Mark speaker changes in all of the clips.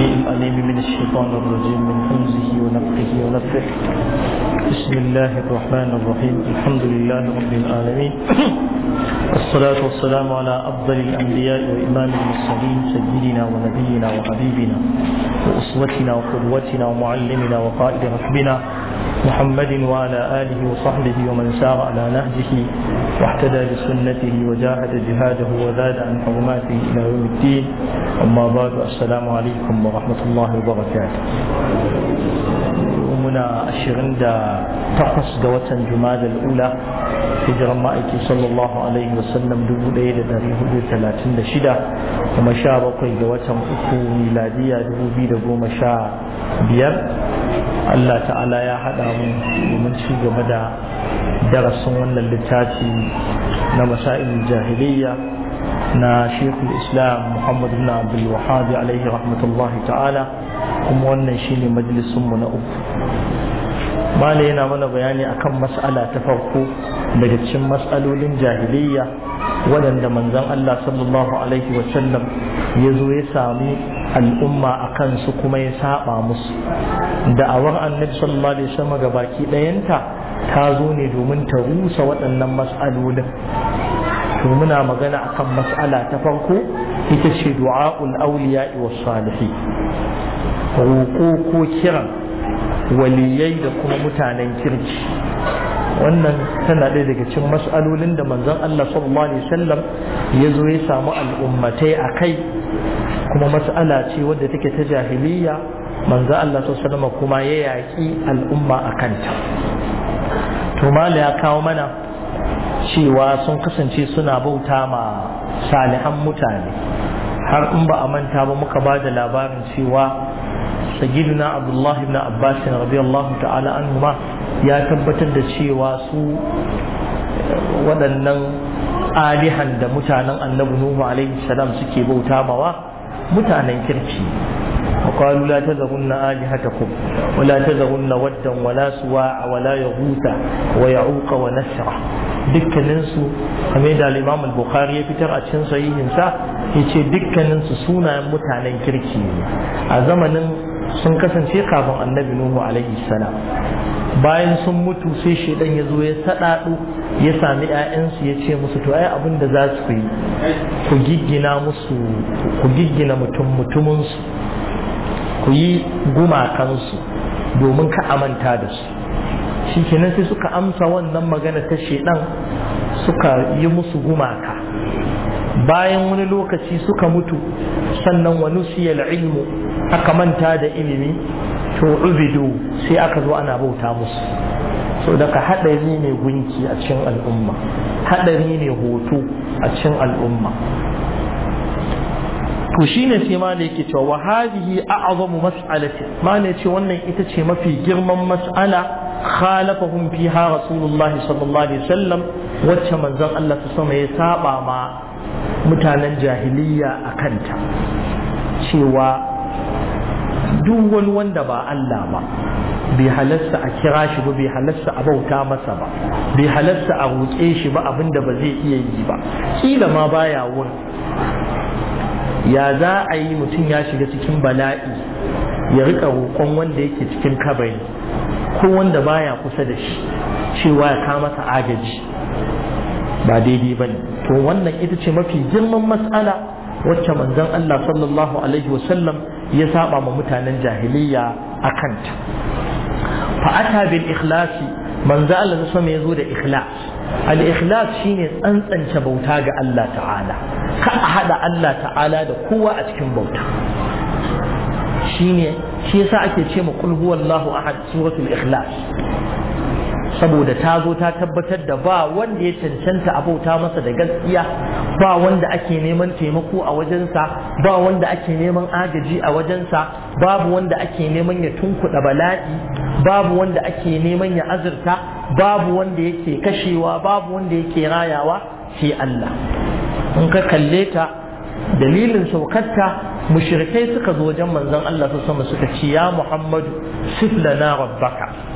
Speaker 1: Amen. العليم من الشيطان الرجيم من حمزه ونفقه ونفقه بسم الله الرحمن الرحيم الحمد لله رب العالمين الصلاة والسلام على أفضل الأنبياء وإمام المرسلين سيدنا ونبينا وحبيبنا وأسوتنا وقدوتنا ومعلمنا وقائد ركبنا محمد وعلى آله وصحبه ومن سار على نهجه واحتدى بسنته وجاهد جهاده وزاد عن حرماته إلى يوم الدين أما بعد السلام عليكم ورحمة الله muna ashirin da takwas ga watan جماد الأولى hijiran ma'aiki sallallahu alaihi wasallam dubu ɗaya da ɗari hudu talatin da shida kuma sha bakwai ga watan uku miladiya dubu biyu da goma sha biyar Allah ta'ala ya haɗa mu domin ci gaba da darasin wannan littafi na masa'il jahiliyya na shekul islam muhammad bin abdul wahabi alaihi rahmatullahi ta'ala kuma wannan shine majalisunmu na uku mala yana mana bayani akan mas'ala ta farko daga cikin mas'alolin jahiliyya waɗanda manzan Allah sallallahu alaihi wasallam ya zo ya sami al'umma a kansu kuma ya saba musu da'awar annabi sallallahu alaihi wasallam ga baki ɗayanta ta zo ne domin ta rusa waɗannan mas'alolin to muna magana akan mas'ala ta farko ita ce du'a'ul awliya wa salihi roƙo ko kiran waliyai da kuma mutanen kirki wannan tana ɗaya daga cikin mas'alolin da manzon Allah sallallahu alaihi wasallam ya zo ya samu al'ummatai a kai kuma mas'ala ce wadda take ta jahiliya manzon Allah sallallahu alaihi wasallam kuma ya yaƙi al'umma a kanta to mala ya kawo mana cewa sun kasance suna bauta ma salihan mutane har in ba a manta ba muka ba da labarin cewa sayyiduna abdullahi ibn abbas radiyallahu ta'ala anhuma ya tabbatar da cewa su waɗannan alihan da mutanen annabi nuhu alaihi salam suke bauta mawa mutanen kirki وقالوا لا تذرن آلهتكم ولا تذرن ودا ولا سواع ولا يغوث ويعوق ونسرا dukkaninsu kamar da Imam Bukhari ya fitar a cikin sahihinsa yace dukkaninsu sunayen mutanen kirki ne a zamanin sun kasance kafin Annabi Nuhu alaihi salam bayan sun mutu sai shedan ya zo ya sadadu ya sami yayansu ya ce musu to ai abin da za su yi ku giggina musu ku giggina mutum mutuminsu ku yi gumakansu domin ka amanta da su shi sai suka amsa wannan magana ta shedan suka yi musu gumaka bayan wani lokaci suka mutu sannan wani siyar ilmu aka manta da ilimi to ubido sai aka zo ana bauta musu so daga haɗari ne gunki a cikin al'umma haɗari ne hoto a cikin al'umma to shine sai ma da yake cewa wa hadhihi a'zamu mas'alati ma ne ce wannan ita ce mafi girman mas'ala khalafahum fiha rasulullahi sallallahu alaihi wasallam wacce manzon Allah ta sama ya saba ma mutanen jahiliya akanta cewa duk wani wanda ba Allah ba bai halasta a kira shi ba bai halasta a bauta masa ba bai halasta a roƙe shi ba abinda ba zai iya yi ba kila ma baya wuri. ya za a yi mutum ya shiga cikin bala'i ya rika roƙon wanda yake cikin kabari ko wanda baya kusa da shi cewa ya kama masa agaji ba daidai bane to wannan ita ce mafi girman mas'ala wacce manzon Allah sallallahu alaihi wasallam ya saba ma mutanen jahiliya a kanta fa'ata bil ikhlasi manzo Allah ya zo da ikhlas al-ikhlas shine tsantsance bauta ga Allah ta'ala ka a haɗa Allah ta'ala da kowa a cikin bauta ne shi yasa ake ce ma kul huwallahu ahad suratul ikhlas saboda ta zo ta tabbatar da ba wanda ya cancanta abauta masa da gaskiya ba wanda ake neman taimako a wajensa ba wanda ake neman agaji a wajensa babu wanda ake neman ya tunkuɗa bala'i babu wanda ake neman ya azurta babu wanda yake kashewa babu wanda yake rayawa sai Allah in ka kalle ta dalilin saukarta mushrikai suka zo wajen manzon Allah su sama suka ce ya Muhammadu siflana rabbaka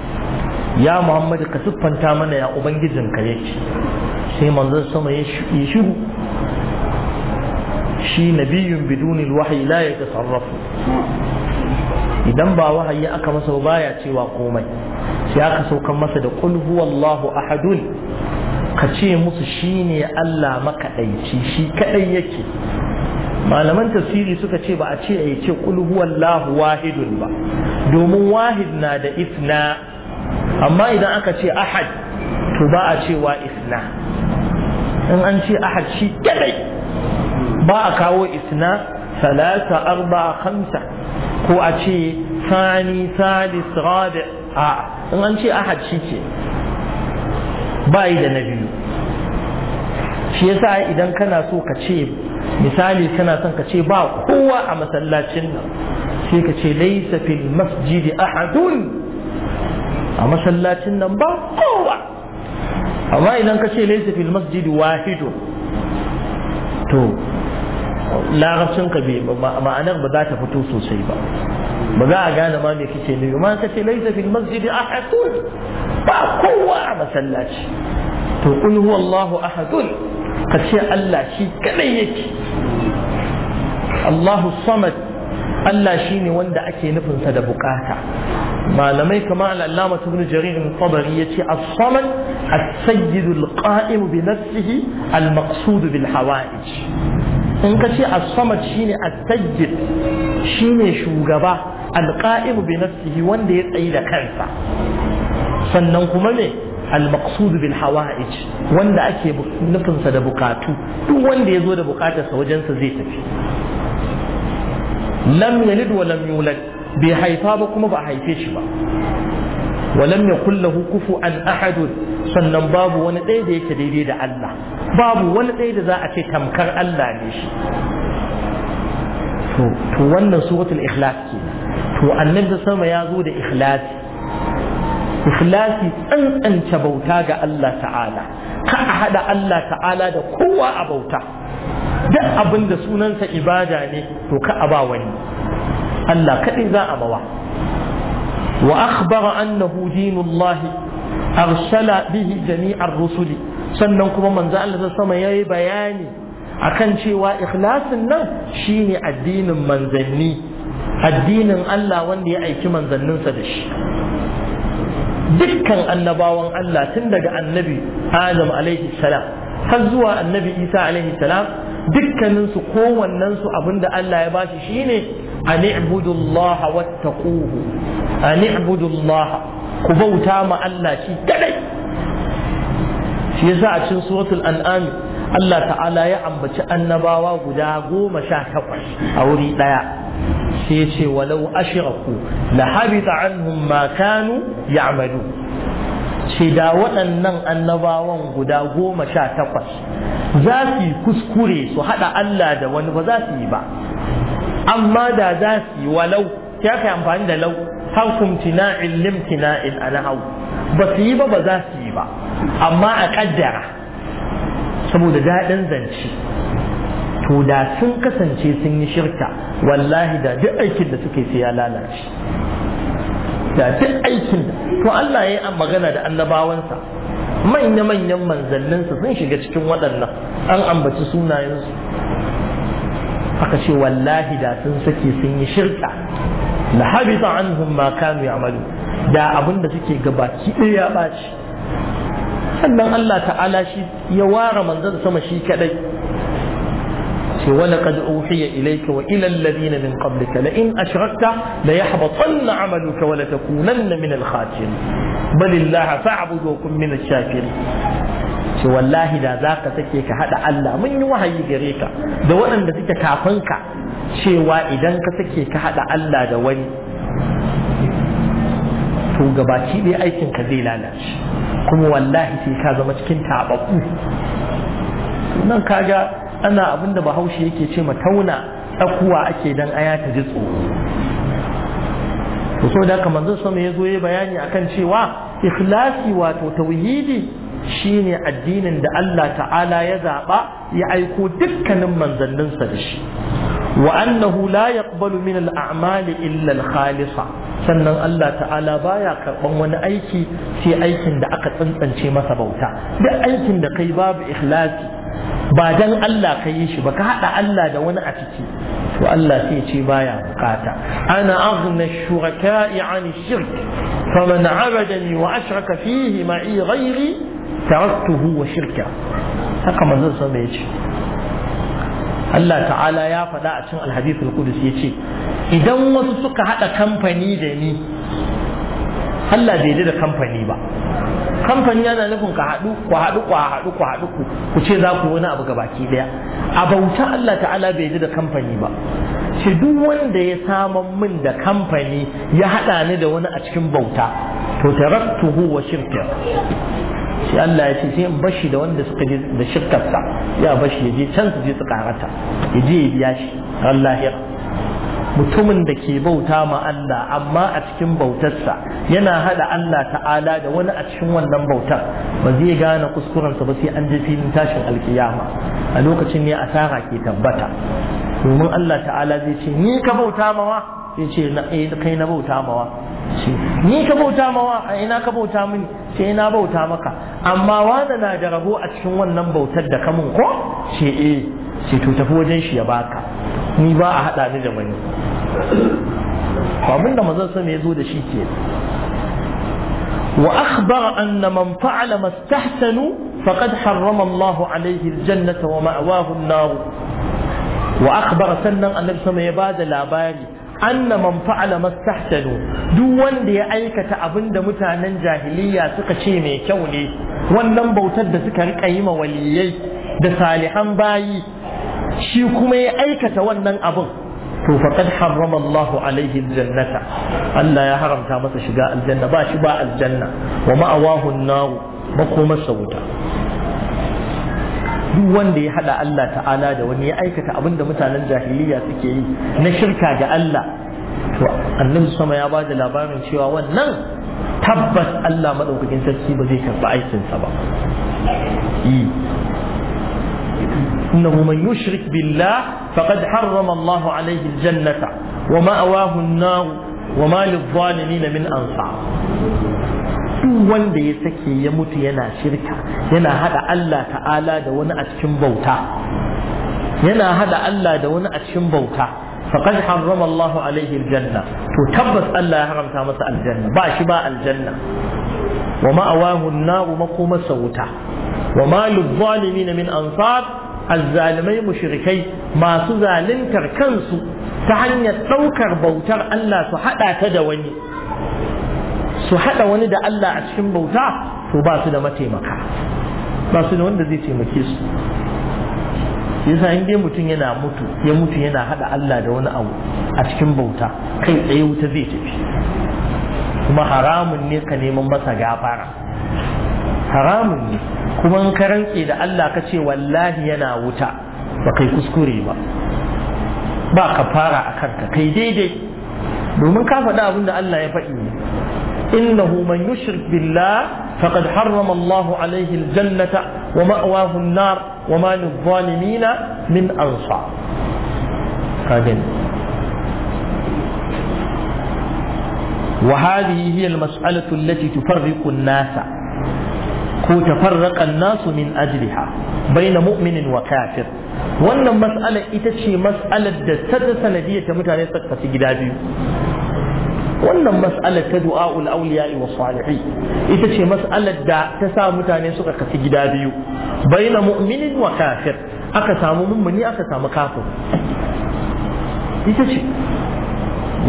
Speaker 1: ya muhammadu ka siffanta mana ya ya yake sai manzon sama ya shiru shi nabiyun bidunil wahayi la ya sarrafu. idan ba wahayi aka masa ba baya cewa komai sai aka saukan masa da qul huwallahu ahadun ka ce musu shine Allah makaɗaici shi kaɗai yake malaman tafsiri suka ce ba a ce a ce qul huwallahu wahidun ba domin wahid na da isna amma idan aka ce ahad to ba a cewa isna in an ce ahad shi kadai ba a kawo isna salasa arba khamsa ko a ce sani salis rabi a in an ce ahad shi ce, ba yi da na biyu shi yasa idan kana so ka ce misali kana son ka ce ba kowa a masallacin nan sai ka ce laisa fil masjidi ahadun a masallacin nan ba kowa amma idan ka ce laisa fil masjid wahidu to larabcin ka bai ma'anar ba za ta fito sosai ba ba za a gane ma me kake nufi amma ka ce laisa fil masjid ahadun ba kowa a masallaci to qul huwallahu ahadun ka ce Allah shi kadai yake Allahu samad Allah shine wanda ake nufinsa da bukata malamai kamar al'allama ibn jaririn al ya ce as-samad as-sayyid al-qa'im bi nafsihi al-maqsud bil hawa'ij in ka ce as-samad shine as-sayyid ne shugaba al-qa'im bi nafsihi wanda ya tsayi da kansa sannan kuma ne al-maqsud bil hawa'ij wanda ake nufinsa da bukatu duk wanda ya zo da bukatarsa wajensa zai tafi lam yalid wa lam yulad bai haifa ba kuma ba a haife shi ba walam ya yakul lahu kufuwan sannan babu wani ɗaya da yake daidai da Allah babu wani ɗaya da za a ce tamkar Allah ne shi to wannan suratul ikhlas ke to annabi da sama ya zo da ikhlasi ikhlasi tsantsance bauta ga Allah ta'ala ka a hada Allah ta'ala da kowa a bauta duk abin da sunansa ibada ne to ka a ba wani Allah kaɗai za a bawa wa akhbara annahu dinullahi arsala bihi jami'ar rusuli sannan kuma manzo Allah ta sama yayi bayani akan cewa ikhlasin nan shine addinin manzanni addinin Allah wanda ya aiki manzanninsa da shi dukkan annabawan Allah tun daga annabi Adam alaihi salam har zuwa annabi Isa alaihi salam Dukkaninsu su abinda Allah ya bashi shine an ibudullah wattaquhu an ibudullah ku bauta ma Allah shi kadai
Speaker 2: shi yasa a cikin
Speaker 1: suratul an'am Allah ta'ala ya ambaci annabawa guda goma sha takwas a wuri daya sai ya ce walau ashiraku la habita anhum ma kanu ya'malu ce da waɗannan annabawan guda goma sha takwas za su yi kuskure su haɗa Allah da wani ba za su yi ba amma da za su yi walau ya kai amfani da lau harkun tina'in limtina'in a nahau ba su yi ba ba za su yi ba amma a ƙaddara saboda daɗin zance to da sun kasance sun yi shirka wallahi da duk aikin da suke sai ya lalace da duk aikin to Allah ya yi magana da annabawansa manya-manyan manzanninsa sun shiga cikin waɗannan an ambaci sunayensu aka ce wallahi da sun saki sun yi shirka la habita anhum ma kanu ya'malu da abin da suke gabaki ɗaya ya ɓaci sannan Allah ta'ala shi ya ware manzon sama shi kadai ce wala ya uhiya ilayka wa ila alladhina min qablika la in ashrakta la yahbatanna amaluka wa la takunanna min al-khasirin bal illaha fa'budu wa kun min ash-shakirin ce wallahi da za ka sake ka haɗa Allah mun yi wahayi gare ka da waɗanda suke kafin ka cewa idan ka sake ka haɗa Allah da wani to gabaki ɗaya aikin ka zai lalace kuma wallahi sai ka zama cikin taɓaɓɓu nan kaga ana abinda bahaushe yake ce tauna tsakuwa ake dan aya ta ji tsoro so da kamar zan sama ya zo ya bayani akan cewa ikhlasi wato tauhidi shine addinin da Allah ta'ala ya zaɓa ya aiko dukkanin manzanninsa da shi wa annahu la yaqbalu min al-a'mali illa al-khalisa sannan Allah ta'ala baya karban wani aiki sai aikin da aka tsantsance masa bauta duk aikin da kai babu ikhlasi ba dan Allah ka yi shi ba ka haɗa Allah da wani a ciki to Allah sai ce baya bukata ana aghna shuraka'i an shirk faman abadani wa ashraka fihi ma'i ghairi taraktuhu wa shirka haka manzon sa ya ce Allah ta'ala ya faɗa a cikin alhadith al-qudus ya ce idan wasu suka haɗa kamfani da ni Allah bai da kamfani ba kamfani yana nufin ka haɗu ku haɗu ku haɗu ku haɗu ku ku ce za ku wani abu gabaki daya a bauta Allah ta'ala bai ji da kamfani ba shi duk wanda ya saman min da kamfani ya haɗa ni da wani a cikin bauta to taraktuhu wa shirka sai Allah ya ce sai in bashi da wanda suka je da shirkarsa ya bashi ya je can su je su karata ya je ya biya shi Allah ya mutumin da ke bauta ma Allah amma a cikin bautarsa yana hada Allah ta'ala da wani a cikin wannan bautar ba zai gane kuskurensa ba sai an je filin tashin alkiyama a lokacin ne asara ke tabbata domin Allah ta'ala zai ce ni ka bauta mawa zai ce eh, kai na bauta mawa ni ka bauta mawa a ina ka bauta mini sai na bauta maka amma wanda na da rabo a cikin wannan bautar da kamun ko ce eh sai to tafi wajen shi ya baka ni ba a haɗa ni da wani abin da mazan sama ya zo da shi ke wa akhbara anna man fa'ala mastahsanu faqad harrama Allah alayhi aljannata wa ma'wahu an-nar wa sannan annabi sama ya bada labari anna man fa'ala mastahsanu duk wanda ya aikata abinda mutanen jahiliya suka ce mai kyau ne wannan bautar da suka rika yi ma waliyai da salihan bayi shi kuma ya aikata wannan abun to faqad harrama Allah alaihi aljannata Allah ya haramta masa shiga aljanna ba shi ba aljanna wa ma'awahu an-nar makomarsa wuta duk wanda ya hada Allah ta'ala da wani ya aikata abin da mutanen jahiliya suke yi na shirka ga Allah to annabi sama ya bada labarin cewa wannan tabbas Allah madaukakin sarki ba zai karba aikinsa ba إنه من يشرك بالله فقد حرم الله عليه الجنة ومأواه النار وما للظالمين من أنصار duk wanda ya sake ya mutu yana shirka yana hada Allah ta'ala da wani a cikin bauta yana hada Allah da wani a cikin bauta faqad harrama Allahu alaihi aljanna to tabbas Allah ya haramta masa aljanna ba shi ba aljanna wa ma'awahu an-nar makomarsa wuta wa ma lil-zalimin min ansar azzalimai mushrikai masu zaluntar kansu ta hanyar ɗaukar bautar Allah su haɗa ta da wani su haɗa wani da Allah a cikin bauta to ba da mataimaka ba da wanda zai taimake su yasa in dai mutum yana mutu ya mutu yana haɗa Allah da wani abu a cikin bauta kai tsaye wuta zai tafi kuma haramun ne ka neman masa gafara haramun ne kuma in ka rantse da Allah ka ce wallahi yana wuta ba kai kuskure ba ba ka fara a kanka kai daidai domin ka faɗi abin da Allah ya faɗi ne innahu man yushrik billah faqad harrama Allah alaihi aljannata wa ma'wahu an-nar wa ma lidh-dhalimina min ansa kagin wa hadhihi hiya al-mas'alatu allati tufarriqu an ko tafarraqan nasu min ajliha baina mu'minin wa kafir wannan mas'alar ita ce mas'alar da ta sanadiyya ta mutane suka kasu gida biyu wannan mas'alar ta du'a'ul awliya'i wa salihin ita ce mas'alar da ta sa mutane suka kasu gida biyu baina mu'minin wa kafir aka samu mummuni aka samu kafir ita ce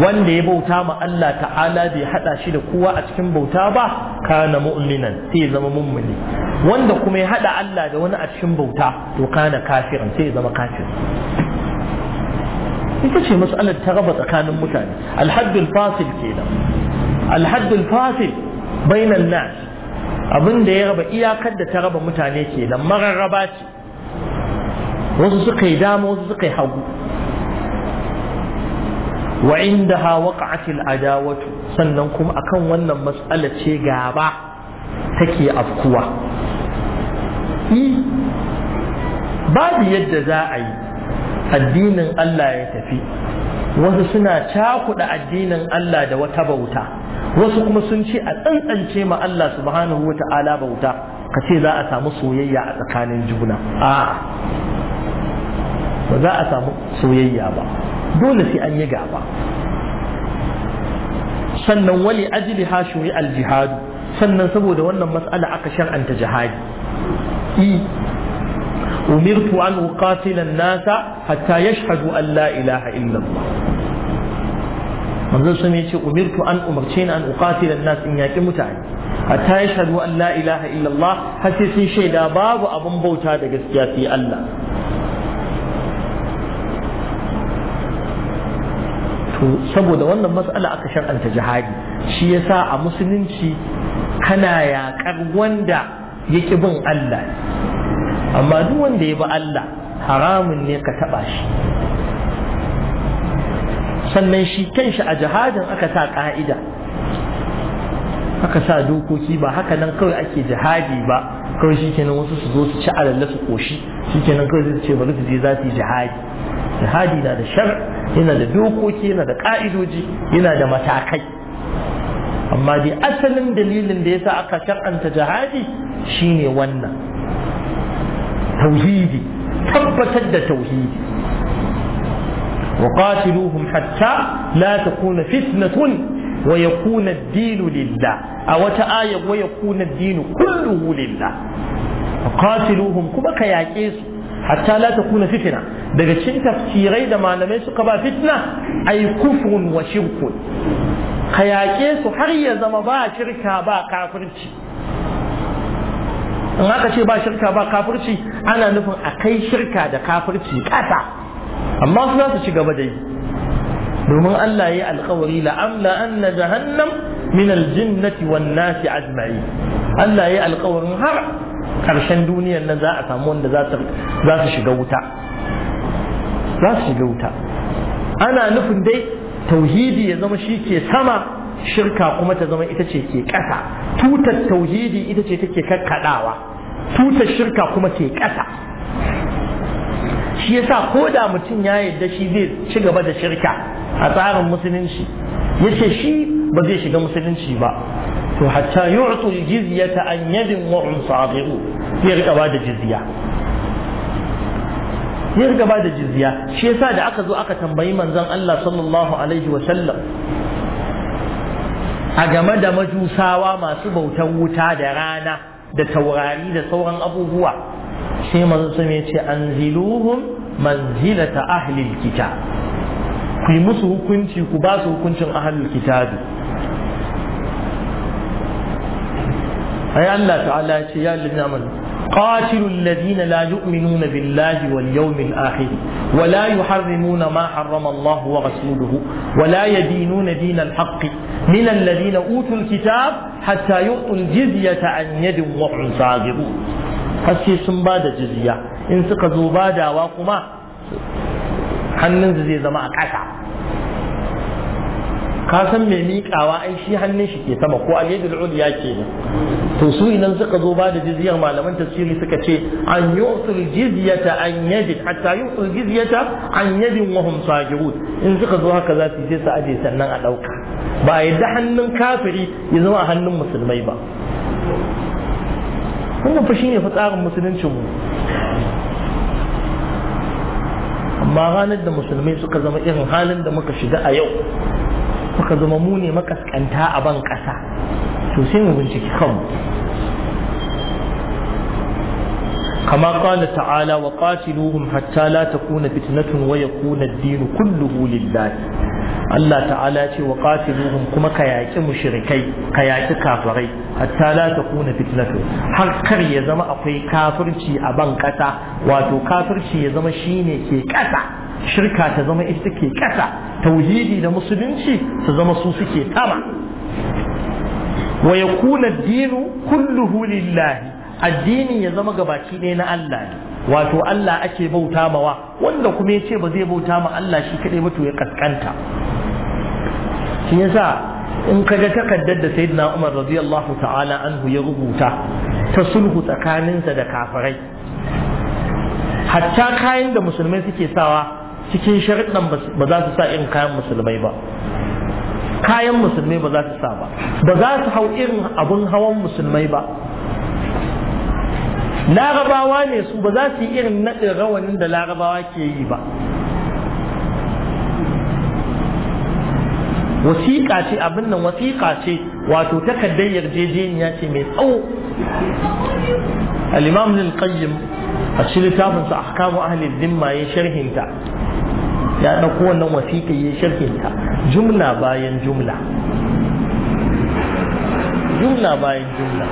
Speaker 1: wanda ya bauta ma Allah ta'ala bai hada shi da kowa a cikin bauta ba kana mu'minan sai ya zama mummuni wanda kuma ya hada Allah da wani a cikin bauta to kana kafirin sai ya zama kafir ita ce mas'alar ta raba tsakanin mutane alhaddul fasil kenan alhaddul fasil bainan nas abin da ya raba iyakar da ta raba mutane kenan mararraba ce wasu suka yi dama wasu suka yi hagu wa indaha waqa'atil adawatu sannan kuma akan wannan mas'ala ce gaba take afkuwa babu yadda za a yi addinin Allah ya tafi wasu suna cakuɗa addinin Allah da wata bauta wasu kuma sun ce a tsantsance ma Allah subhanahu wa ta'ala bauta ka ce za a samu soyayya a tsakanin juna a ba za a samu soyayya ba dole sai an yi gaba sannan wali ajili ha shuri al jihad sannan saboda wannan matsala aka shar'anta jihadi i umirtu an uqatila nasa hatta yashhadu an la ilaha illa Allah manzo sun yace umirtu an umarce ni an uqatila nas in yaki mutane hatta yashhadu an la ilaha illa Allah har sai sun shaida babu abun bauta da gaskiya sai Allah to saboda wannan matsala aka shar'anta jihadi shi yasa a musulunci kana yaƙar wanda ya ƙi bin Allah amma duk wanda ya bi Allah haramun ne ka taɓa shi sannan shi kanshi a jihadin aka sa ƙa'ida aka sa dokoki ba haka nan kawai ake jihadi ba kawai shi kenan wasu su zo su ci alalla su koshi shi kenan kawai zai ce bari su je za su yi jihadi jihadi na da shar yana da dokoki yana da ka'idoji yana da matakai amma dai asalin dalilin da yasa aka shar'anta jihadi shine wannan tauhidi tabbatar da tauhidi وقاتلوهم حتى لا تكون فتنة ويكون الدين لله أو تآية ويكون الدين كله لله وقاتلوهم كما su. hatta la takuna fitna daga cikin tafsirai da malamai suka ba fitna ai kufrun wa shirkun hayake su har ya zama ba shirka ba kafirci in aka ce ba shirka ba kafirci ana nufin a kai shirka da kafirci kasa amma su za su ci gaba da yi domin Allah ya yi alkawari la'amla anna jahannam min aljinnati wan nasi ajma'i Allah ya yi alkawarin har ƙarshen duniyar nan za a samu wanda za su shiga wuta za su shiga wuta ana nufin dai tauhidi ya zama shi ke sama shirka kuma ta zama ita ce ke ƙasa tutar tauhidi ita ce take kakkaɗawa tutar shirka kuma ke ƙasa shi yasa ko da mutum ya yarda shi zai ci gaba da shirka a tsarin musulunci yace shi ba zai shiga musulunci ba to hatta yu'tu jizyata an yadin wa hum saghiru ya riga ba da jizya ya riga ba da jizya shi yasa da aka zo aka tambayi manzon Allah sallallahu alaihi wa sallam a game da majusawa masu bautan wuta da rana da taurari da sauran abubuwa sai manzon sun ya ce anziluhum manzilata ahlil kitab ku yi musu hukunci ku ba su hukuncin ahlul kitabi أي الله تعالى يا لبن آمنوا قاتلوا الذين لا يؤمنون بالله واليوم الآخر ولا يحرمون ما حرم الله ورسوله ولا يدينون دين الحق من الذين أوتوا الكتاب حتى يؤتوا الجزية عن يد وهم صاغرون haske سنباد جزية إن سقزوا بادا وقما حنن badawa ما hannunsu ka san mai miƙawa ai shi hannun shi ke sama ko al-yadul ulya ke to su idan suka zo ba da jizyar malaman tafsiri suka ce an yu'tul jizyata an yadin hatta yu'tul jizyata an yadin wa hum sajirun in suka zo haka za su je su aje sannan a dauka ba yadda hannun kafiri ya zama a hannun musulmai ba wannan fa shine fa tsarin musuluncin mu amma ranar da musulmai suka zama irin halin da muka shiga a yau muka zama mu ne makaskanta a ban ƙasa to sai mu binciki kanmu كما قال تعالى وقاتلوهم حتى لا تكون فتنة ويكون الدين كله لله الله تعالى وقاتلوهم كما كياك مشركي كياك كافري حتى لا تكون فتنة حقر يزم أقوي كافر شي أبان كتا واتو كافر شي يزم شيني كي كتا shirka ta zama ita take kasa tauhidi da musulunci su zama su suke sama wa yakuna dinu kulluhu lillahi addini ya zama gabaki ne na Allah ne wato Allah ake bauta mawa wanda kuma ya ce ba zai bauta ma Allah shi kaɗai ba ya kaskanta shi yasa in ka ga takaddar da sayyidina Umar radiyallahu ta'ala anhu ya rubuta ta sulhu tsakaninsa da kafirai hatta kayan da musulmai suke sawa cikin sharuɗan ba za su sa irin kayan musulmai ba kayan musulmai ba za su sa ba ba za su hau irin abun hawan musulmai ba larabawa ne su ba za su yi irin naɗin rawanin da larabawa ke yi ba wasiƙa ce abin nan wasiƙa ce wato takardar yarjejeniya ce mai tsawo al-imam al-qayyim a cikin littafinsa ahkamu ahli dhimma ya sharhinta ya ɗauko wannan wasiƙa ya sharhin ta jumla bayan jumla jumla bayan jumla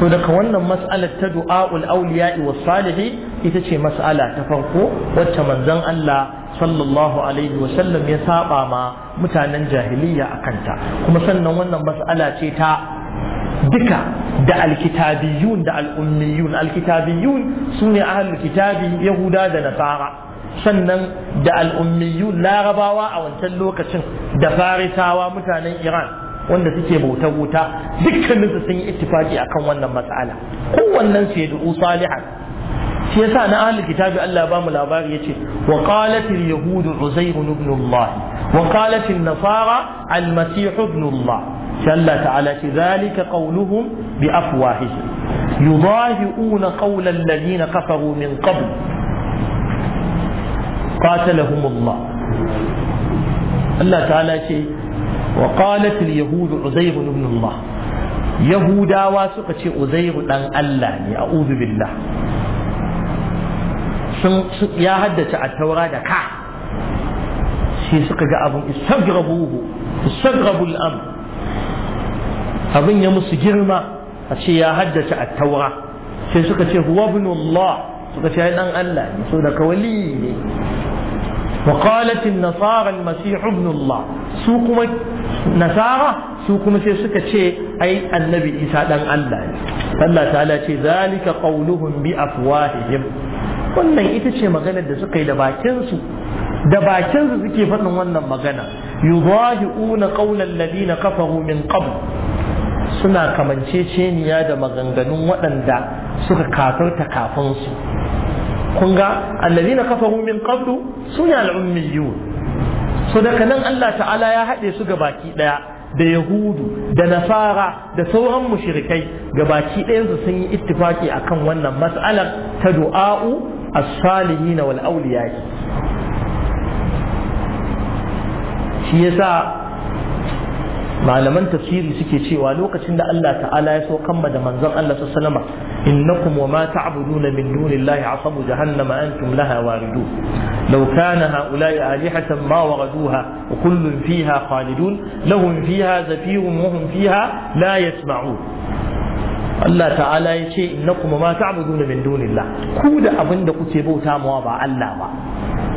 Speaker 1: so daga wannan mas'alar ta du'a'ul auliya was salihi ita ce mas'ala ta farko wacce manzon Allah sallallahu alaihi wa sallam ya saba ma mutanen jahiliya kanta. kuma sannan wannan mas'ala ce ta duka da alkitabiyun da al'ummiyun alkitabiyun su ne ahalul kitabi yahuda da nasara sannan da al'ummiyu larabawa a wancan lokacin da farisawa mutanen iran wanda suke bauta wuta dukkaninsu sun yi ittifaki akan wannan matsala kowannen su yad'u salihan shi yasa na ahli kitabi Allah ba mu labari yace wa qalat al yahud uzair ibn Allah wa qalat al nasara al masih ibn Allah shalla ta'ala ce zalika qawluhum bi afwahihim yudahi'una qawla alladhina kafaru min qabl qatalahumullah Allah ta'ala ce wa qalat al-yahud uzair ibn Allah yahudawa suka ce uzair dan Allah ne a'udhu billah sun ya haddace at-taura da ka shi suka ga abun istagrabuhu istagrabu al-amr abin ya musu girma a ce ya haddace taura suka ce huwa Allah ne so da kawali وقالت النصارى المسيح ابن الله su nasara su sai suka ce ai annabi isa ɗan Allah ne Allah ce zalika qauluhum bi afwahihim wannan ita ce maganar da suka yi da bakinsu da suke faɗin wannan magana yudahiuna qawlan ladina kafaru min qabl suna kamanceceniya da maganganun waɗanda suka kafarta kafinsu kun ga na kafa min qablu suna al-ummiyun so daga nan Allah ta'ala ya haɗe su ga baki ɗaya da yahudu da nasara da sauran mushrikai baki ɗayansu sun yi ittifaki akan wannan mas'alar ta du'a'u as-salihin wal awliya shi yasa malaman tafsiri suke cewa lokacin da Allah ta'ala ya so kamma da manzon Allah sallallahu alaihi إنكم وما تعبدون من دون الله عصب جهنم أنتم لها واردون لو كان هؤلاء آلهة ما وردوها وكل فيها خالدون لهم فيها زفير وهم فيها لا يسمعون Allah ta'ala ya ce inna kuma ma ta'buduna min dunillah ku da abin da kuke bauta mawa ba Allah ba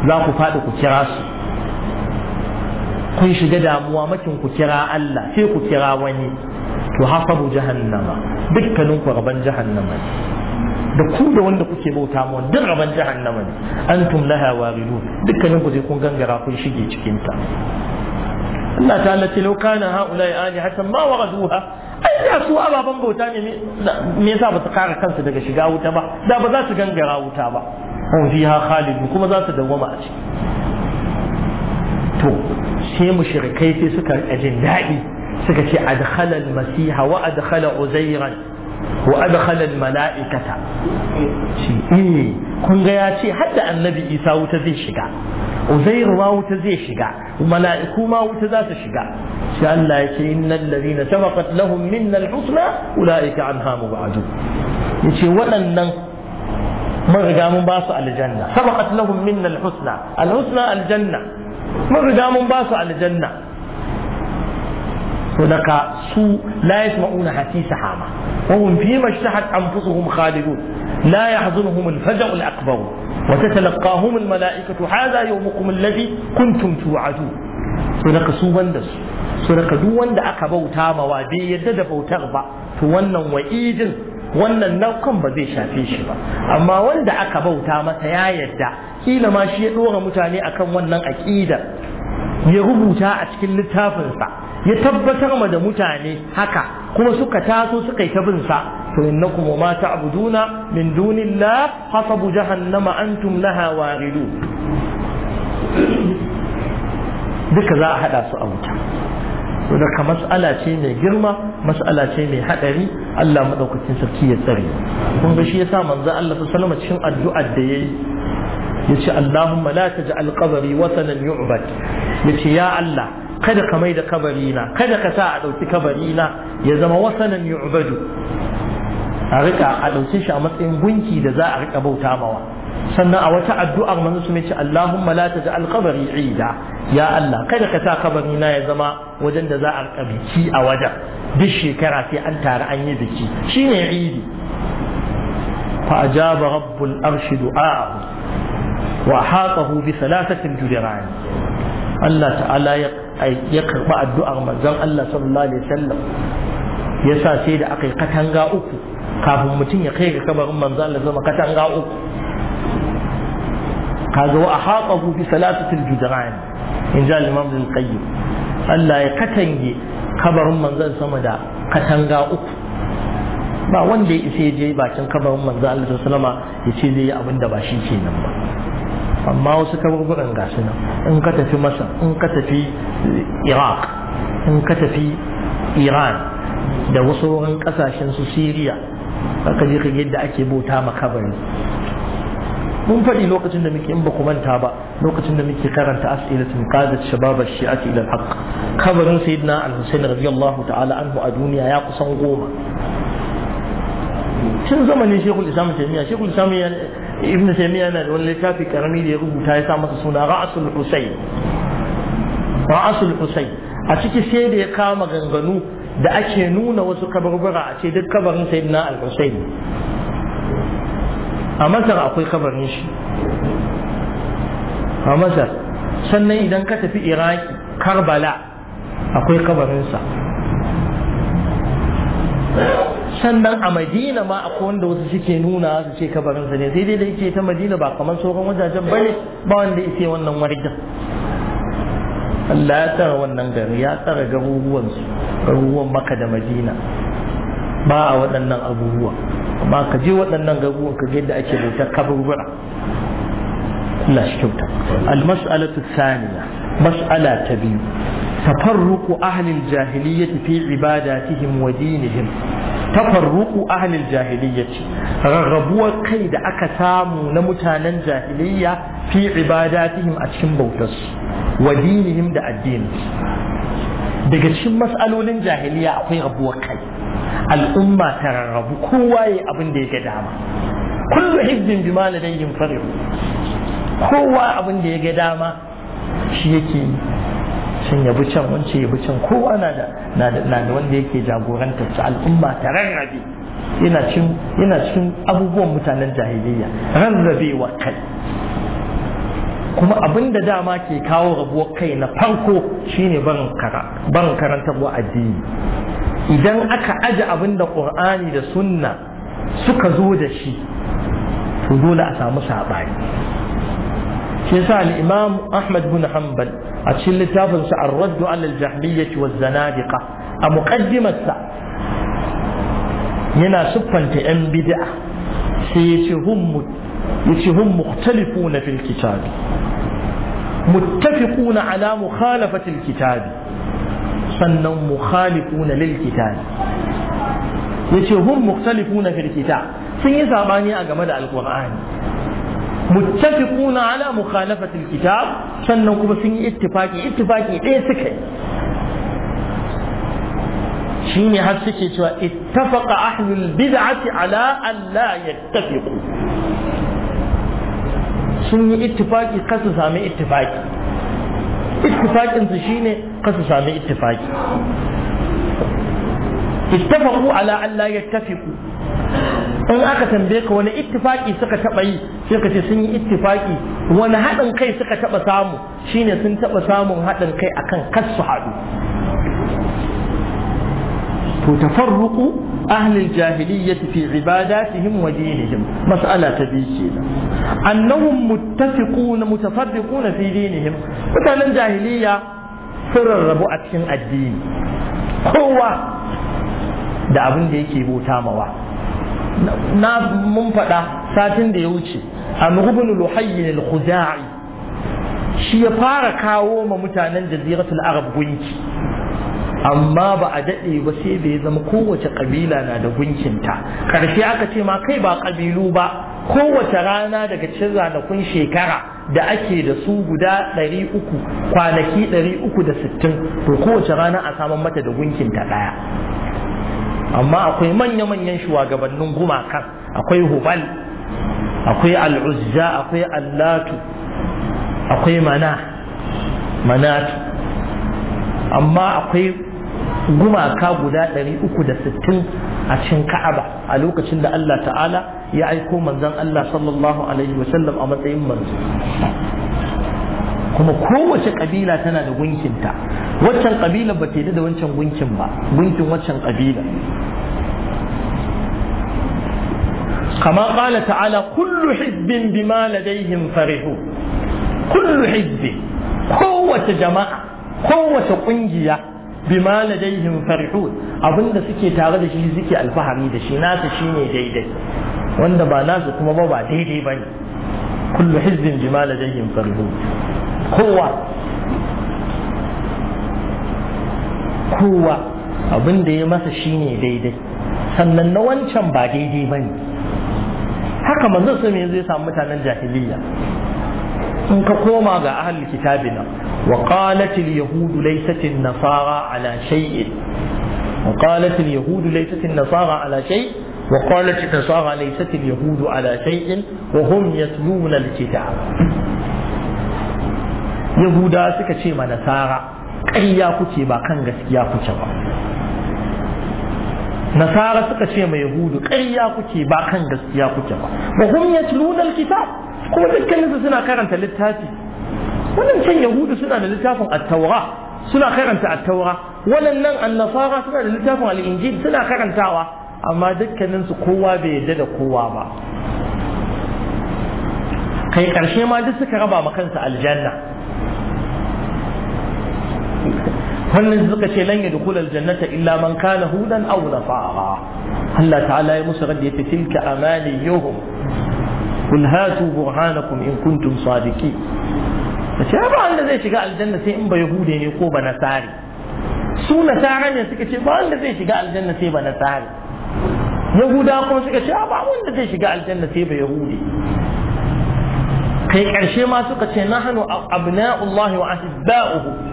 Speaker 1: za ku faɗi ku kira su kun shiga damuwa makin ku kira Allah sai ku kira wani to hasabu jahannama dukkanin ku raban jahannama da ku da wanda kuke bauta mu duk raban jahannama ne antum laha waridun dukkanin ku sai kun gangara kun shige cikin ta Allah ta lati law kana haula ya ali hasan ma waraduha ai da su ababan bauta ne me yasa ba su kare kansu daga shiga wuta ba da ba za su gangara wuta ba hum fiha khalidun kuma za su dawwama a ciki to sai mushrikai sai suka rika jin daɗi suka ce adkhala al-masiha wa adkhala uzairan wa adkhala al-mala'ikata shi eh kun ga ya ce hadda annabi isa wuta zai shiga uzair ma wuta zai shiga mala'iku ma wuta za su shiga shi Allah ya ce innal ladina sabaqat lahum minna al-husna ulaika anha mubadu yace waɗannan mun riga mun ba su aljanna sabaqat lahum minna al-husna al-husna aljanna mun riga mun ba su aljanna صدق سوء لا يسمعون حسيسها وهم فيما اشتهت أنفسهم خالدون لا يحزنهم الفزع الأكبر وتتلقاهم الملائكة هذا يومكم الذي كنتم توعدون صدق سوء وندس صدق دو وند أكبو تام وادي يدد بوتغبا تونا وإيد wannan naukan ba zai shafe shi ba amma wanda aka bauta masa ya yadda kila ma shi ya dora mutane akan wannan aqida ya rubuta a cikin littafinsa ya tabbatar ma da mutane haka kuma suka taso suka yi ta bin sa to innakum wa ma ta'buduna min dunillah hasabu jahannama antum laha waridu duka za a hada su a wuta to mas'ala ce mai girma mas'ala ce mai haɗari, Allah madaukakin sarki ya tsare kun ga shi yasa manzo Allah sallallahu alaihi cikin addu'ar da yayi yace Allahumma la taj'al qabri watanan yu'bad yace ya Allah kada ka mai da kabarina kada ka sa a ɗauki kabarina ya zama wasanan yu'badu a rika a ɗauki shi a matsayin gunki da za a rika bauta mawa sannan a wata addu'ar manzo su ce Allahumma la taj'al qabri 'ida ya Allah kada ka sa kabarina ya zama wajen da za a rika biki a wajen duk shekara sai an tare an yi biki shine 'idi fa ajaba rabbul arshi du'a'ahu wa haƙahu bi salasatin judirani Allah ta'ala ya ya karɓi addu'ar manzon Allah sallallahu alaihi wasallam ya sa sai da aka yi katanga uku kafin mutum ya kai ga kabarin manzon Allah zama katanga uku kaga wa ahaqahu fi salatatil judran in ja al-imam al-qayyim Allah ya katange kabarin manzon sama da katanga uku ba wanda ya isa ya je bakin kabarin manzon Allah sallallahu alaihi wasallam ya ce zai yi abin da ba shi ke nan ba amma wasu kaburburan ga nan in ka tafi masa in ka tafi iraq in ka tafi iran da wasu wurin kasashen su siriya aka je ka yadda ake bauta makabari mun faɗi lokacin da muke in ba ku manta ba lokacin da muke karanta as'ilatin qadat shabab ash-shi'ati ila al-haqq kabarin sayyidina al-husayn radiyallahu ta'ala anhu a duniya ya kusan goma tun zamanin shekul islam Taimiyya shekul islam ibn taymiya na da wani littafi karami da ya rubuta ya sa masa suna ra'asul husayn ra'asul husayn a ciki sai da ya kama ganganu da ake nuna wasu kabarbara a ce duk kabarin sayyidina al-husayn a masar akwai kabarin shi a masar sannan idan ka tafi iraki karbala akwai kabarinsa sannan a madina ma akwai wanda wasu suke nuna su ce kabarinsa ne sai dai da yake ta madina ba kamar sauran wajajen bane ba wanda yake wannan wargin Allah ya tsara wannan gari ya tsara garuruwansu garuruwan maka da madina ba a waɗannan abubuwa amma ka je waɗannan garuruwan ka yadda ake bautar kaburbura Allah shi kyauta al-mas'alatu thaniya mas'ala ta biyu tafarruqu ahli al-jahiliyyati fi ibadatihim wa dinihim tafarruku ahlil ce rarrabuwar kai da aka samu na mutanen jahiliyya fi ibadatihim a cikin bautarsu wa dinihim da addini daga cikin mas'alolin jahiliya akwai rabuwar kai al'umma ta rarrabu kowa ya abin da ya ga dama kullu hizbin bima ladayhim kowa abin da ya ga dama shi yake yi can ya can wancan ya bi can kowa na da na da wanda yake jagorantar su al'umma ta rarrabe yana cin yana cin abubuwan mutanen jahiliya wa kai kuma abin dama ke kawo rabuwar kai na farko shine barin karantarwa addini idan aka aje abin da ƙur'ani da sunna suka zo da shi to dole a samu sabani شنسى الإمام أحمد بن حنبل أتشل تافن الرد على الجحمية والزنادقة أمقدمة سا ينا سفن تأم بدعة سيتهم مختلفون في الكتاب متفقون على مخالفة الكتاب سنهم مخالفون للكتاب يتهم مختلفون في الكتاب سيسا ماني أقمد القرآن muttafiquna ala mukhalafati alkitab sannan kuma sun yi ittifaki ittifaki ɗaya suka yi shine har suke cewa ittafaqa ahlul bid'ati ala an la yattafiqu sun yi ittifaki kasu sami ittifaki ittifakin su shine kasu sami ittifaki ittafaqu ala an la in aka tambaye ka wani ittifaki suka taba yi sai ka ce sun yi ittifaki wani haɗin kai suka taba samu shine sun taba samun haɗin kai akan kasu haɗu to tafarruqu ahli al fi ibadatihim wa dinihim mas'ala ta bi kenan annahum muttafiqun na fi dinihim mutanen jahiliyya sun rarrabu a cikin addini kowa da abin da yake bauta mawa na mun faɗa satin da ya wuce a ibn luhayy al khudai shi ya fara kawo ma mutanen jaziratul arab gunki amma ba a daɗe ba sai da ya zama kowace ƙabila na da gunkinta ƙarshe aka ce ma kai ba kabilu ba kowace rana daga cin ranakun shekara da ake da su guda 300 kwanaki ɗari uku da sittin, to kowace rana a saman mata da gunkinta ɗaya amma akwai manya-manyan shugabannin gumaka akwai hubal akwai al'uzza akwai allatu akwai mana manatu amma akwai gumaka guda 360 a cin ka'aba a lokacin da Allah ta'ala ya aiko manzon Allah sallallahu alaihi wasallam a matsayin manzo kuma kowace ƙabila tana da gunkinta waccan ƙabila ba ta da wancan gunkin ba gunkin waccan ƙabila. Kamar ƙala ta'ala kullu hizbin bima ladaihim farihu kullu hizbi kowace jama'a kowace ƙungiya bima ladaihim farihu abinda suke tare da shi suke alfahari da shi nasa shine daidai wanda ba nasu kuma ba ba daidai bane kullu hizbin bima ladaihim farihu kowa kowa ya masa shine daidai sannan na wancan ba daidai ba haka manzon sai yanzu ya samu mutanen jahiliya in ka koma ga ahlul kitabi nan wa qalat al yahud laysat an nasara ala shay'in wa qalat al yahud laysat an nasara ala shay'in وقالت النصارى ليست اليهود على شيء وهم يتلون الكتاب يهودا suka ce ma nasara ƙarya kuke ba kan gaskiya kuce ba nasara suka ce mai yahudu ƙarya kuke ba kan gaskiya kuke ba wa hum yatluna alkitab kuma dukkaninsu suna karanta littafi wannan can yahudu suna da littafin at-taura suna karanta at-taura an nasara suna da littafin al-injil suna karantawa amma dukkaninsu kowa bai yarda da kowa ba kai ƙarshe ma duk suka raba ma kansa aljanna wannan suka ce lan yadkhul aljannata illa man kana hudan aw nasara Allah ta'ala ya musu radda yace tilka amaniyuhum kun hatu burhanakum in kuntum sadiqi ce ba wanda zai shiga aljanna sai in ba yahude ne ko ba nasari su nasara ne suka ce ba wanda zai shiga aljanna sai ba nasari yahuda kuma suka ce ba wanda zai shiga aljanna sai ba yahudi kai karshe ma suka ce nahnu abna'ullahi wa ahibba'uhu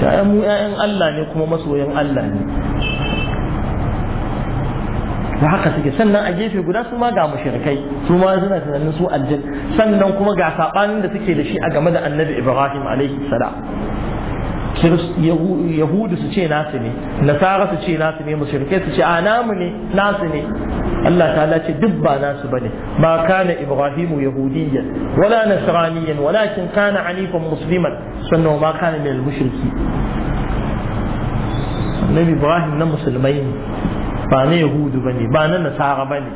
Speaker 1: shaya mu ƴaƴan Allah ne kuma masoyan Allah ne da haka suke sannan a gefe guda su ma ga mushrikai su ma suna tunanin su aljin sannan kuma ga sabanin da suke da shi a game da annabi Ibrahim alaihi salam yahudu su ce nasu ne nasara su ce nasu ne mushrikai su ce a namu ne nasu ne Allah ta ce duk ba nasu bane ba kana ibrahimu yahudiyyan wala nasraniyyan walakin kana hanifan musliman sannan ma kana min mushriki annabi ibrahim na musulmai ne ba na yahudu ba ne, ba na nasara ba ne,